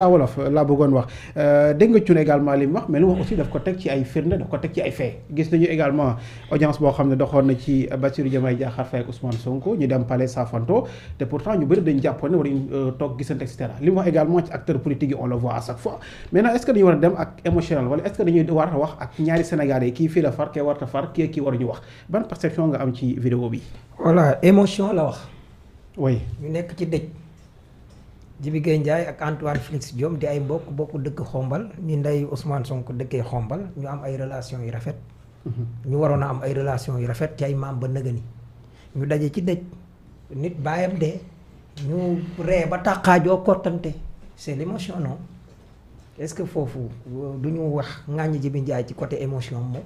waaw ah, wolof euh, laa bëggoon wax euh, dégg nga Thioune également li wax mais lu wax aussi daf ko teg ci ay firnde daf ko teg ci ay fait gis nañu également audience boo xam ne doxoon na ci Bassirou Diomaye Diakhar Faye ak Ousmane Sonko ñu dem Palais Safanto te pourtant ñu bëri dañu jàppoon war nañu euh, toog gisante et cetera wax également ci acteurs politiques yi on le voit à fois maintenant est ce dañu war a dem ak émotionnel wala est dañuy war a wax ak ñaari Sénégalais kii fii la far kee warta far ci vidéo Jibi Gueye ak Antoine Félix Diome di ay mbokk bokk dëkk xombal ni ndey Ousmane Sonko dëkkee xombal ñu am ay relation yu rafet mhm. ñu waroon a am ay relation yu rafet ci ay maam ba nëgëni ñu daje ci dëj nit baayam de ñu ree ba tàqaajoo kottante c'est l'émotion non est-ce que foofu euh, du ñu wax ŋàññ Jibi Ndiaye ci côté émotion moom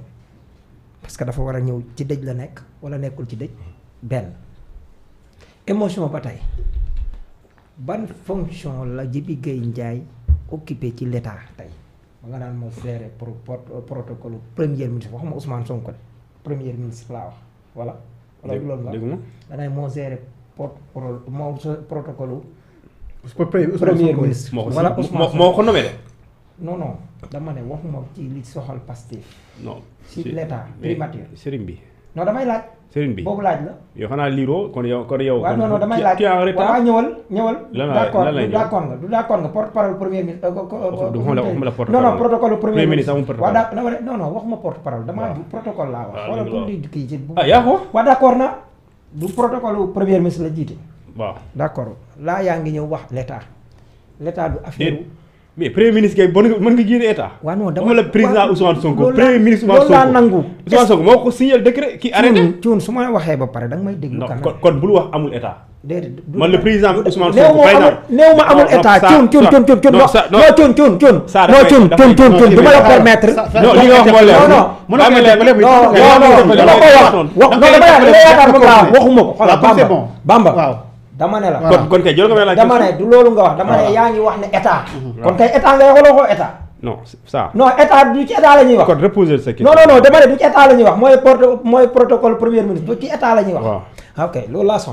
parce que dafa war a ñëw ci dëj la nekk wala nekkul ci dëj mhm. benn émotion ba tey ban fonction la Djiby Gueye Ndiaye occupé ci l'état tey ba nga naan moo géré pour protocole premier ministre waxuma Ousmane Sonko de premier ministre laa wax voilà. dégg loolu nga da ngay moo géré porte moo protocole. premier ministre voilà moo ko nommé de. non non dama ne waxuma ci li soxal Pastef. non ci l'état primature. sëriñ bi non damay laaj. sëriñ bi boobu laaj la. yow xanaa liiroo kon yow kon yow. waaw non damay laaj la lan la laa ah, ngi ñëw wax l'état l'état du affaire. mais premier ministre kay bon nga mën nga jiite état. waaw non dama la président Ousmane Sonko. premier ministre Ousmane Sonko loolu laa nangu. Ousmane Sonko moo ko signé décret ki arrêté. cuun su ma waxee ba pare da may déglu. kon kon bul wax amul état. déedéet amul état cuun cuun cuun cuun cuun. non sa non cuun cuun la permettre. non li nga wax moo leer. non non mën na leer non non non non non non non non non non non non non dama ne la. kon kon kay dama ne du loolu yaa ngi wax ne état. wax. kon reposer sa question. la ñuy wax mooy porte ci état la ñuy wax.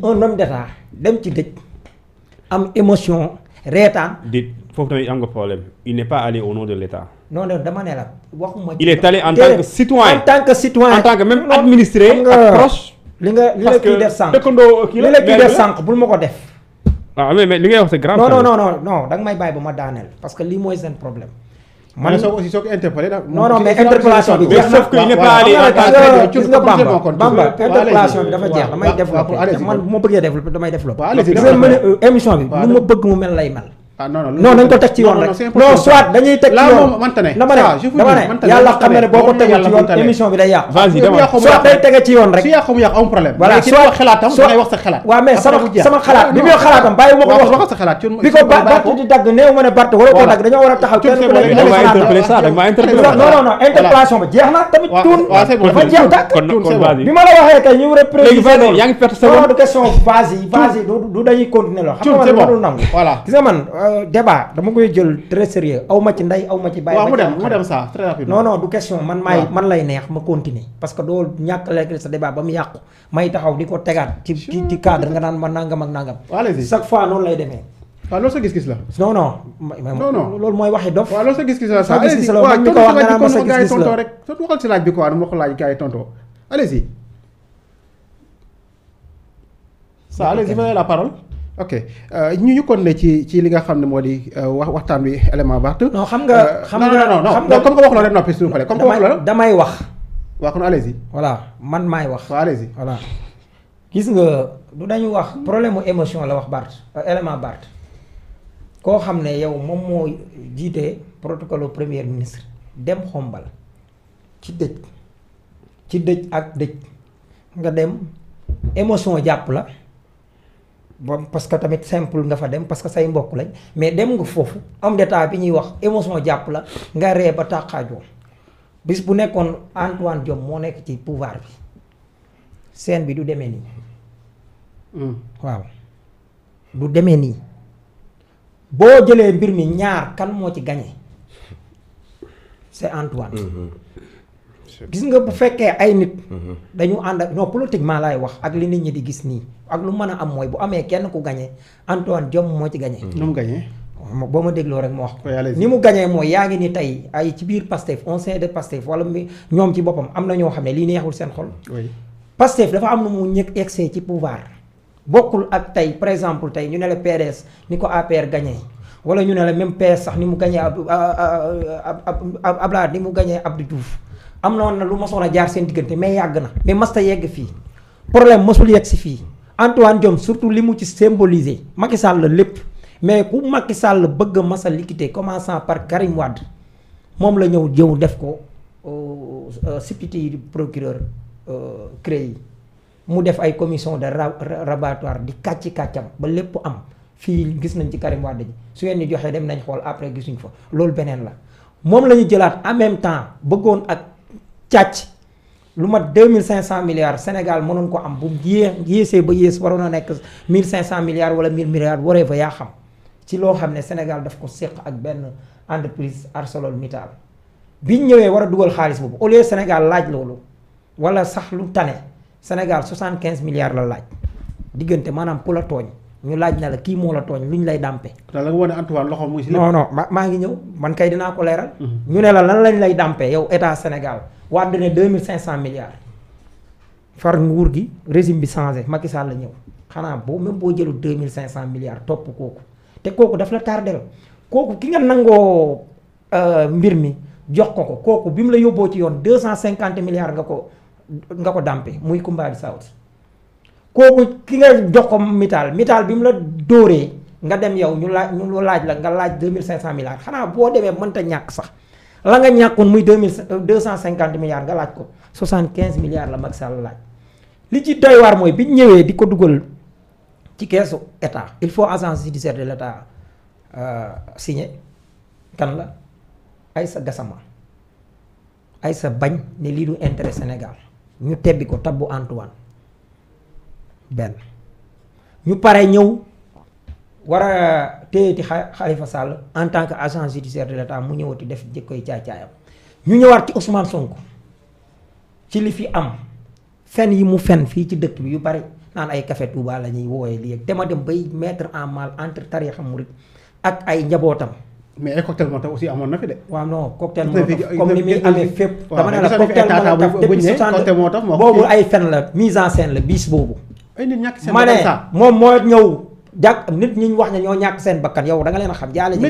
waaw dem ci dëj am émotion reetaan. di foofu tamit am nga problème il n'est pas allé au nom de l'état. non non dama ne la waxuma. il est allé en tant que citoyen en tant que citoyen administré ak proche. li nga li la kii def sànq dëkkandoo kii la li la kii def sànq bul ma ko def. waaw ah, mais mais li ngay wax c'est grand. non non non non da nga may bàyyi ba ma daaneel parce que lii mooy seen problème. man soo ko aussi soo ko interpellé bi jeex na gis nga Bamba Bamba interpellation bi dafa jeex damay développé man bu ma bëggee développé damay développé. Euh, émission bi nu ma bëgg mu mel lay mel. ah non non teg ci yoon rek non soit dañuy teg ci yoon dama ne yàlla xam na ne boo ko tegul ci yoon émission bi day yàqu soit day tege ci yoon rek voilà soit sama sama xalaat bi muy xalaatam bàyyi ma ko wax bi ko Barth di dagg néew ma ne Barth waroo ko dagg dañoo war a taxaw kenn ku nekk non non non interpellation ba jeex na tamit tuun dafa jeex tàkk bi ma la waxee kay ñu war a préciser question base yi base yi du dañuy continuer loolu xam nga man warul nangu voilà gis nga man Euh, débat dama koy jël très sérieux aw ma ci ndey aw ma ci bàyyi. waaw mu dem mu dem ça très du question man maay man lay neex ma continuer. parce que doo ñàkk lekk sa débat ba mu yàqu may taxaw di ko tegaat ci ci cadre nga naan ma nangam ak nangam. chaque fois noonu lay demee. waaw loolu sa gis-gis mooy waxi dof. waaw loolu sa gis-gis la sa gis-gis la man mi ko si laaj bi yi tontoo allez-y. ça allez-y, vous la parole. ok euh, ñu ñu kon ne ci ci li nga xam ne moo di euh, wax waxtaan wi élément baax. non xam nga euh, xam nga non non non comme que wax la rek noppi suñu pare comme que wax la damay wax. waaw kon allez-y. voilà man maay wax. waaw allez-y voilà. gis nga du dañu wax problème mu émotion la wax Bart élément Bart koo xam ne yow moom moo jiite protocole premier ministre dem xombal ci dëj ci dëj ak dëj nga dem émotion jàpp la. bon parce que tamit simple nga fa dem parce que say mbokk lañ mais dem nga foofu homme d'état bi ñuy wax émotion jàpp la nga ree ba tàqaajoo bis bu nekkoon Antoine Diome moo nekk ci pouvoir bi scène bi du demee nii. Hmm. waaw du demee nii boo jëlee mbir mi ñaar kan moo ci gañe c'est Antoine. Hmm, hmm. gis nga bu fekkee ay nit. Mhm. dañu ànd ak non politiquement laay wax ak li nit ñi di gis nii ak lu mën a am mooy bu amee kenn ku gagné Antoine Diome moo ci gagné. nu mu gagné. boo ma dégloo rek ma wax ni mu gañee mooy yaa ngi ni tey ay ci biir Pastef on sait de Pastef wala ñoom ci boppam am na ñoo xam ne lii neexul seen xol Pastef dafa am na mu ñëkk excès ci pouvoir bokkul ak tey par exemple tey ñu ne la PDS ni ko APR gañee wala ñu ne la même PS sax ni mu gañee ab ab Abdoulaye ni mu gañee Abdou juu am na wan na lu masoon a jaar seen diggante mais yàgg na mais masta yegg fii problème masul yegg si fii Antoine Diome surtout li mu ci symboliser Macky Sall lépp mais ku Macky Sall bëgg a masa liquider commençant par Karim Wade moom la ñëw jëw def ko euh, euh, sipité yi procureur euh, créé yi mu def ay commission de rabatoire di kàcci kàccam ba lépp am fii gis nañ ci Karim Wade ji su ngeen joxe dem nañ xool après gisuñ fa loolu beneen la moom la ñu jëlaat en même temps bëggoon ak cac lu mat deux mille cinq cent milliards Sénégal mënoon ko am bu yée yéesee ba yées waroon a nekk mille cinq cent milliards wala mille milliards waree fa yaa xam ci loo xam ne Sénégal daf ko séq ak benn entreprise ArcelorMittal bi ñëwee war a dugal xaalis boobu au lieu Sénégal laaj loolu wala sax lu tane Sénégal soixante quinze milliards la laaj diggante maanaam ku la tooñ ñu laaj na la kii moo la tooñ ñu lay dàmpee daal la nga wane Antoine loxo mu ngi si. maa ngi ñëw man kay dinaa ko leeral. Mhm. ñu ne la lan lañ lay dàmpe yow état Sénégal. Wade ne deux mille cinq cent milliards far nguur gi régime bi changé Macky Sall la ñëw xanaa boo même boo jëlu deux mille cinq cent milliards topp kooku te kooku daf la tardel kooku ki nga nangoo euh, mbir mi jox ko ko kooku bi mu la yóbboo ci yoon deux cent cinquante milliards nga ko nga ko dàmpe muy Kumba bi South kooku ki nga jox ko mitaal mitaal bi mu la dóoree nga dem yow ñu laaj ñu laaj la nga laaj deux mille cinq cent milliards xanaa boo demee mënta ñàkk sax la nga ñàkkoon muy deux mille euh, deux cent cinquante milliards nga laaj ko soixante quinze milliards la mag Sall laaj li ci doy mooy bi ñu ñëwee di ko dugal ci keesu état il faut agence judiciaire de l' état euh, kan la ay sa Aïssa ay sa bañ ne lii du intérêt Sénégal ñu tebbi ko tabbu Antoine benn ñu pare ñëw war téyeti Khalifa Sall en tant que agent judiciaire de l'État mu ñëwati def jëkkoy caay-caayam ñu ñëwaat ci Ousmane Sonko ci li fi am fen yi mu fen fii ci dëkk bi yu bari naan ay café Touba la ñuy wooyee lii te dama dem bay metre en mal entre tarixa murid ak ay njabootam. mais ay cocktail Molotov aussi amoon na fi de. waaw non cocktail Molotov comme ni muy amee fépp. dama ne la cocktail Molotov depuis boobu ay fen la mise en scène la bis boobu. ma ne moom moo ñëw. jàkk nit ñi ñu wax ne ñoo ñàkk seen bakkan yow da leen a xam jaale ji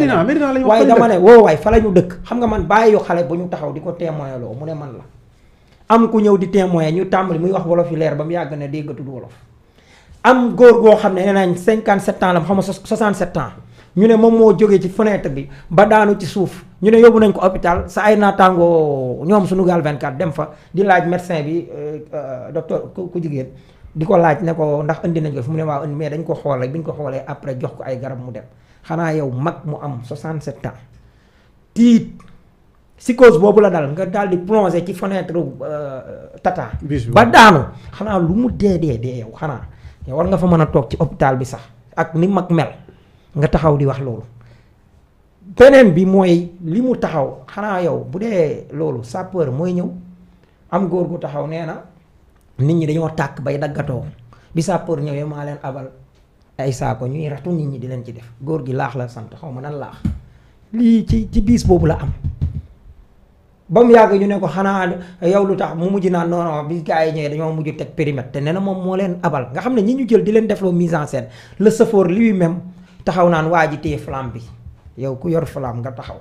waaye dama ne woo waay fa la ñu dëkk xam nga man bàyyi yu xale bu ñu taxaw di ko témoin loo mu ne man la am ku ñëw di témoin ñu tàmbali muy wax wolof yi leer ba mu yàgg ne déggatul wolof am góor goo xam ne nee nañ 57 ans la xam nga 67 ans ñu ne moom moo jógee ci fenêtre bi ba daanu ci suuf ñu ne yóbbu nañ ko hôpital sa ay naataango ñoom Sunugal 24 dem fa di laaj médecin bi euh, euh, docteur ku jigéen di ko laaj ne ko ndax indi nañ ko fi mu ne waaw indi mais dañ ko xool rek bi ñu ko xoolee après jox ko ay garab mu dem xanaa yow mag mu am 67 ans tiit psychose boobu la dal nga daal di plongé ci fenêtre euh, tata. ba daanu xanaa lu mu dee dee dee yow xanaa yow war nga fa mën a toog ci hôpital bi sax ak ni mag mel nga taxaw di wax loolu. beneen bi mooy li mu taxaw xanaa yow bu dee loolu sapeur mooy ñëw am góor gu taxaw nee na. nit ñi dañoo tàkk bay daggatoo bi sàppoor ñëwee maa leen abal ay saako ñuy ratu nit ñi di leen ci def góor gi laax la sant xaw ma nan laax lii ci ci biis boobu la am bam mu yàgg ñu ne ko xanaa yow lu tax mu mujj naan non non bi gars yi ñëwee dañoo mujj teg périmètre te nee na moom moo leen abal nga xam ne ñi ñu jël di leen defloo mise en scène la chauffeur lui-même taxaw naan waa ji téye flamme bi yow ku yor flamme nga taxaw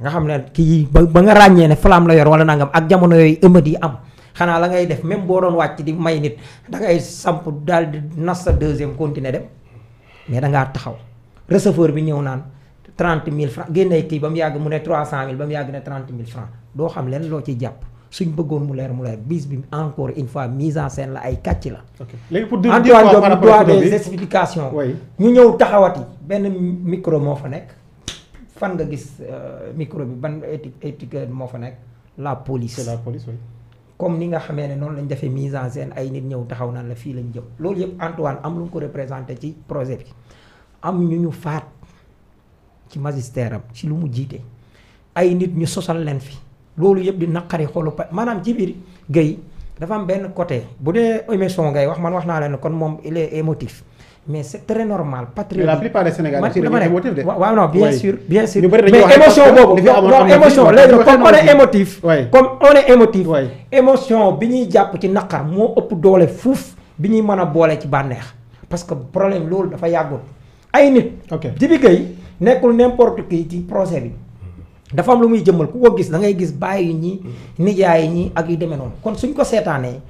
nga xam ne kii ba nga ràññee ne flamme la yor wala nangam ak jamono yooyu ëmët yi am. xanaa la ngay def même boo doon wàcc di may nit da ngay samp daal di nas sa deuxième continuer dem mais da ngaa taxaw receveur bi ñëw naan 30 000 francs génne kii ba mu yàgg mu ne 300 000 ba mu yàgg ne 30 mille francs doo xam leen loo ci jàpp suñ bëggoon mu leer mu leer bis bi encore une fois mise en scène la ay kàcc la. ok léegi pour dire quoi doit des explications. ñu ñëw taxawati benn micro moo fa nekk. fan nga gis euh, micro bi ban étiquette moo fa nekk la police. la police comme ni nga xamee ne noonu lañ defe mise en scène ay nit ñëw taxaw naan la fii lañ jëm loolu yëpp Antoine am lu mu ko représenté ci projet bi am ñu ñu faat ci magistère am ci lu mu jiite ay nit ñu sosal leen fi loolu yëpp di naqari xolu pa maanaam ci biir Guèye dafa am benn côté bu dee émission ngay wax man wax naa leen kon moom il est émotif mais c'est très normal patriote la plupart des Sénégalais de waaw non bien sûr bien sûr mais émotion boobu non émotion léegi comme comme on émotif émotion bi ñuy jàpp ci naqar moo ëpp doole fuuf bi ñuy mën a boole ci bànneex parce que problème loolu dafa yàggoon ay nit Djibi Gueye nekkul n'importe qui ci projet bi dafa am lu muy jëmmal ku ko gis dangay ngay gis bàyyi ñi nijaay ñi ak yu demee noonu kon suñ ko seetaanee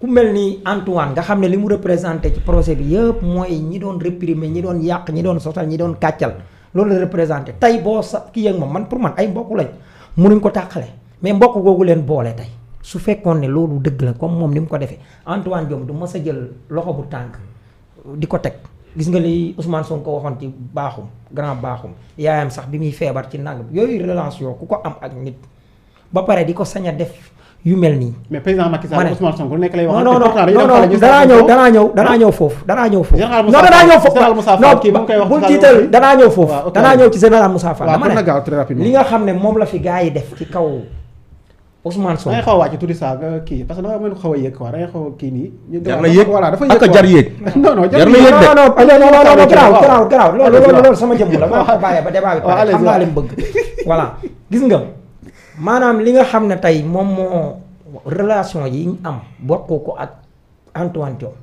ku mel ni Antoine nga xam ne li mu représenté ci projet bi yëpp mooy ñi doon réprimer ñi doon yàq ñi doon sosal ñi doon kàccal loolu la représenté tey boo sa ki yëg ma man pour man ay mbokk lañ mënuñ ko tàqale mais mbokk googu leen boole tey su fekkoon ne loolu dëgg la comme moom ni mu ko defee Antoine Diome du ma sa jël loxo bu tànk di ko teg gis nga li Ousmane ko waxoon ci baaxum grand baaxum yaayam sax bi muy feebar ci nang yooyu relation ku ko am ak nit ba pare di ko sañ a def yu mel nii. mais président Macky Sall Ousmane Sonko nekk lay wax. non non non danaa ñëw danaa ñëw danaa ñëw foofu danaa ñëw foofu. non danaa ñëw foofu non bul tiital danaa ñëw foofu. danaa ñëw ci général Moussa Fall. dama ne li nga xam ne moom la fi gars yi def ci kaw Ousmane Sonko. da ngay xaw a wàcc tuuti saa kii parce que da nga xaw a yéeg quoi da ngay xaw a kii nii. jar na yéeg voilà dafa yéeg jar yéeg. non non jar na yéeg de non non non non garaaw garaaw garaaw loolu loolu sama jëmm la ma bàyyi ba débat bi xam naa leen bëgg voilà gis nga maanaam li nga xam ne tey moom moo relation yi ñu am bokk ko ak Antoine yoon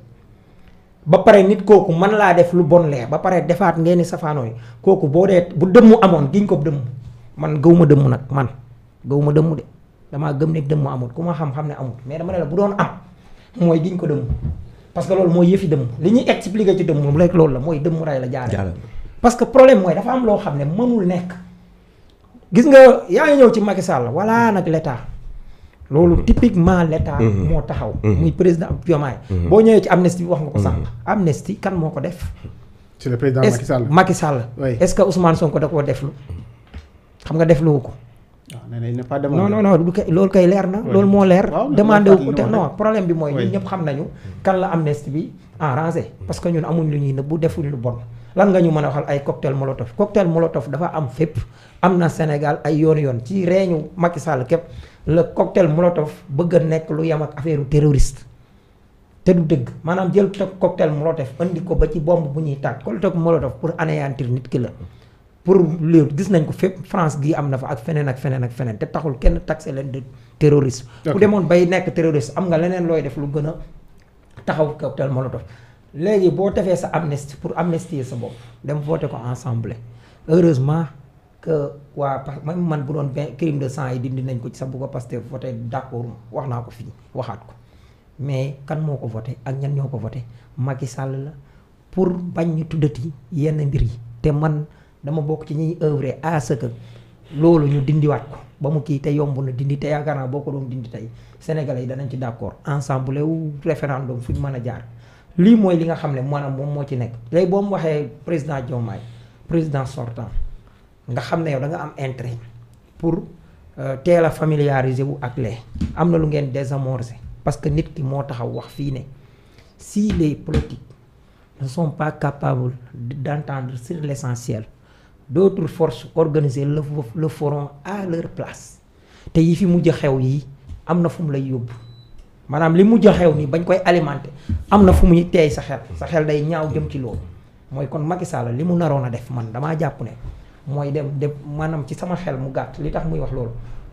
ba pare nit kooku man laa def lu bon lee ba pare defaat ngeen ni safaanoo yi kooku boo dee bu dëmm amoon gi giñ ko dëmm man gëw ma dëmm nag man gëw ma dëmm de damaa gëm ne dëmm amul ku ma xam-xam ne amul mais dama ne la bu doon am mooy giñ ko dëmm parce que loolu mooy yëfi dëmm li ñuy expliqué ci dëmm moom rek loolu la mooy dëmm ray la jaare parce que problème mooy dafa am loo xam ne mënul nekk gis nga yaa ñëw ci Macky Sall wala nag l'état loolu mhm. typiquement l'état mhm. moo taxaw mhm. muy président Diomaye boo ñëwee ci amnistie bi wax nga ko sànq amnistie kan moo ko def c'est le président Macky Sall Macky est-ce que Ousmane Sonko da koo deflu xam nga def lu ko ah, non non non loolu koy leer na loolu moo leer demandé wu ko non problème bi mooy ñëpp xam nañu kan la amnistie bi enrangé mm. parce que ñun amuñ lu ñuy nëbbu defuñu lu bon lan nga ñu mën a waxal ay cocktail molotov cocktail molotov dafa am fépp am na Sénégal ay yoon yoon ci reeñu Macky Sall képp le cocktail molotov bëgg a nekk lu yem ak affaire terroriste te du dëgg maanaam jël toog cocktail molotov andi ko ba ci bomb bu ñuy tàkk cocktail molotov pour anéantir nit ki la. pour léegi gis nañ ko fépp France gi am na fa ak feneen ak feneen ak feneen te taxul kenn taxé leen de terroriste. bu demoon bay nekk terroriste am nga leneen looy def lu gën a taxaw cocktail molotov. léegi boo defee sa amnistie pour amnistier sa bopp dem voté ko ensemble heureusement que waa parce même man bu doon benn crime de sang yi dindi nañ ko ci sax bu ko Pastef voté d'accord wax naa ko fii waxaat ko mais kan moo ko voté ak ñan ñoo ko voté Macky Sall la pour bañ ñu tuddati yenn mbir yi te man dama bokk ci ñuy œuvrer à ce loolu ñu dindiwaat ba mu kii te yomb na dindi te yaakaar boo ko doon dindi tey sénégalais yi danañ ci d'accord ensemble wu référendum fu ñu mën a jaar. lii mooy li nga xam ne maanaam moom moo ci nekk léegi boo waxee président Diomaye président sortant nga xam ne yow da nga am intérêt pour euh, teel a familiariser wu ak lee am na lu ngeen désamorcer parce que nit ki moo taxaw wax fii ne si les politiques ne sont pas capables d'entendre sur l'essentiel d'autres forces organisées le le feront à leur place te yi fi mujj xew yi am na fu lay yóbbu. maanaam li mujj xew nii bañ koy alimenté am na fu ñu teey sa xel sa xel day ñaaw jëm ci loolu mooy kon Macky Sall li mu naroon a def man damaa jàpp ne mooy dem def maanaam ci sama xel mu gàtt li tax muy wax loolu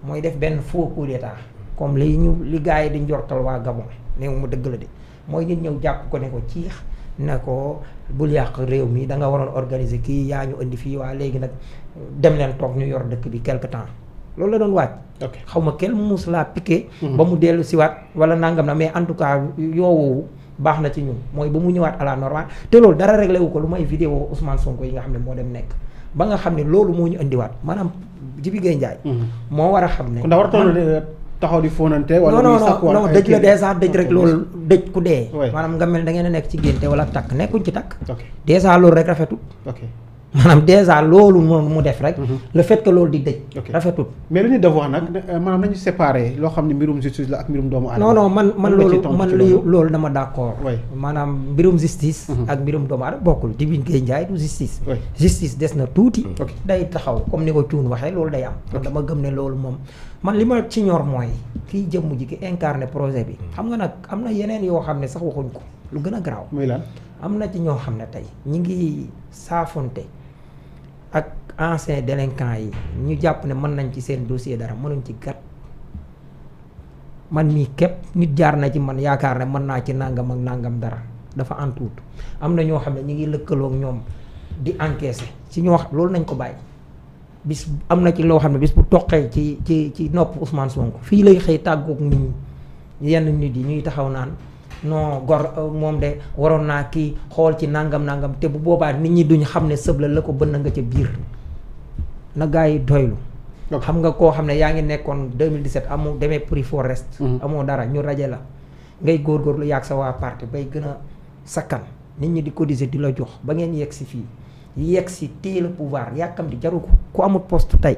mooy def benn faux coup d'état comme li ñu li gars yi di njortal waa Gabon néew mu dëgg la de mooy nit ñëw jàpp ko ne ko ciix ne ko bul yàq réew mi da nga waroon organiser kii yaa ñu indi fii waa léegi nag dem leen toog ñu yor dëkk bi quelque temps loolu la doon waaj. xaw ma kenn muus laa piqué. Mhm. ba mu dellu siwaat wala nangam na mais en tout cas yoo baax na ci ñun mooy ba mu ñëwaat à la normale te loolu dara réglé wu ko lu may vidéo Ousmane Sonko yi nga xam ne moo dem nekk ba nga xam ne loolu moo ñu indiwaat maanaam Jibi Gueye Ndiaye. Mhm. moo war a xam ne. kon da war taxaw di fóonante wala non non dëj la dëj rek loolu dëj ku dee. maanaam nga mel da ngeen nekk ci génte wala takk nekkuñ ci takk. dèjà loolu rek rafetul. maanaam déjà loolu moom mu def rek. Mhm. le fait loolu di dëj. rafetul mais li ñu devoir nag euh, maanaam nañu séparer loo xam ne mbirum justice la ak mbirum doomu aadama. non non man man loolu man loolu dama d'accord. maanaam mbirum justice. Mhm. ak mbirum doomu bokkul Djiby Gueye Ndiaye du justice. justice des na tuuti. day taxaw comme ni ko Thioune waxee loolu day am. man dama gëm ne loolu moom man li ma ci ñor mooy kiy jëmm ji ki incarné projet bi. Mhm. xam nga nag am na yeneen yoo xam ne sax waxuñ ko lu gën a garaaw. muy lan am na ci ñoo xam ne tey ñu ngi saafonte ak anciens délinquants yi ñu jàpp ne mën nañ ci seen dossier dara mënuñ ci gat man mii képp nit jaar na ci man yaakaar ne mën naa ci nàngam ak nàngam dara dafa antuut am na ñoo xam ne ñu ngi lëkkalook ñoom di encaisser ci ñoo xam loolu nañ ko bàyyi bis am na ci loo xam ne bis bu toqee ci ci ci nopp Ousmane sonk fii lay xëy tàggook nit ñu yenn nit yi ñuy taxaw naan non gor euh, moom de waroon naa kii xool ci nangam nangam te bu boobaa nit ñi duñ xam ne sëb la la ko bënn nga ca biir na gars yi doylu xam nga koo xam ne yaa ngi nekkoon 2017 amu demee prix forest mhm. amoo dara ñu raje la ngay góor góor lu yàgg sa waa parti bay gën a sakkan nit ñi di cotiser di la jox ba ngeen yegg si fii yegg si téye le pouvoir yàkkam jaru ko ku amul post tey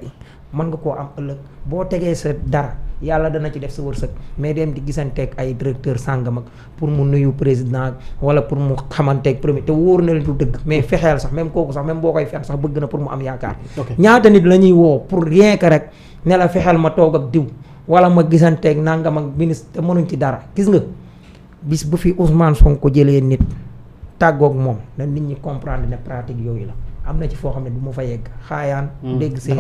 mën nga koo am ëllëg boo tegee sa dara yàlla dana ci def sa wërsëg mais dem di gisanteeg ay directeur sàngam ak pour mu nuyu président wala pour mu xamante xamanteeg premier te wóor na leen du dëgg mais fexeel sax même kooku sax même boo koy fexe sax bëgg na pour mu am yaakaar. ñaata nit la ñuy woo pour rien que rek ne la fexeel ma toog ak diw wala ma gisanteeg nangam ak ministre te mënuñ ci dara gis nga bis bu fi Ousmane Sonko jëlee nit tàggoog moom na nit ñi comprendre ne pratique yooyu la. am na ci foo xam ne du ma fa yegg xaayaan. Hmm. dégg see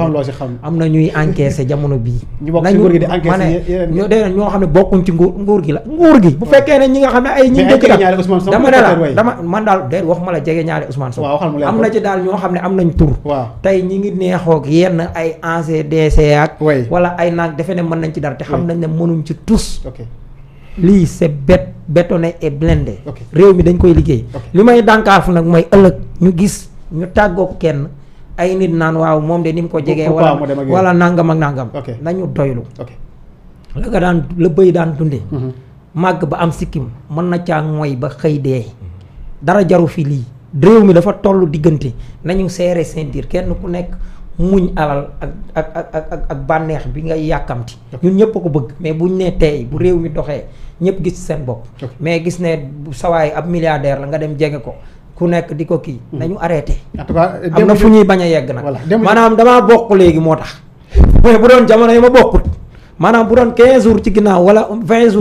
am na ñuy encaissé jamono bii. ñu bokk ci nguur gi di encaissé ñoo de ñoo xam ne bokkuñ ci nguur nguur gi la nguur gi. bu hmm. fekkee ne ñi nga xam ne ay ñi dëkk la dama ne man daal de wax ma la jege ñaale Ousmane Sow. am na ci daal ñoo xam ne am nañ tur. waaw tey ñi ngi neexoog yenn ay ACDC ak. wala ay naag defe ne mën nañ ci dara te xam nañ ne mënuñ ci tus. lii c'est bét bétonné et blindé. réew mi dañ koy liggéey. li may dànkaaf ñu gis ñu tàggoog kenn ay nit naan waaw moom de ni mu ko jegee wala wala nangam ak nangam nañu doylu la nga daan la bëy daan dunde mm-hmm. màgg ba am sikkim mën na caa mooy ba xëy dee dara jaru fi lii réew mi dafa tollu diggante nañu seere seen diir kenn ku nekk muñ alal ak ak ak ak bànneex bi ngay yàkkamti ñun ñëpp ko bëgg mais bu buñ ne tey bu réew mi doxee ñëpp gis seen bopp mais gis ne sawaay ab milliardaire la nga dem jege ko ku nekk di ko kii hmm. nañu arrêté am na fu ñuy bañ a yegg nag maanaam damaa bokk léegi moo tax mais bu doon jamono yi ma bokkut maanaam bu doon quinze jours ci ginnaaw wala vingt jours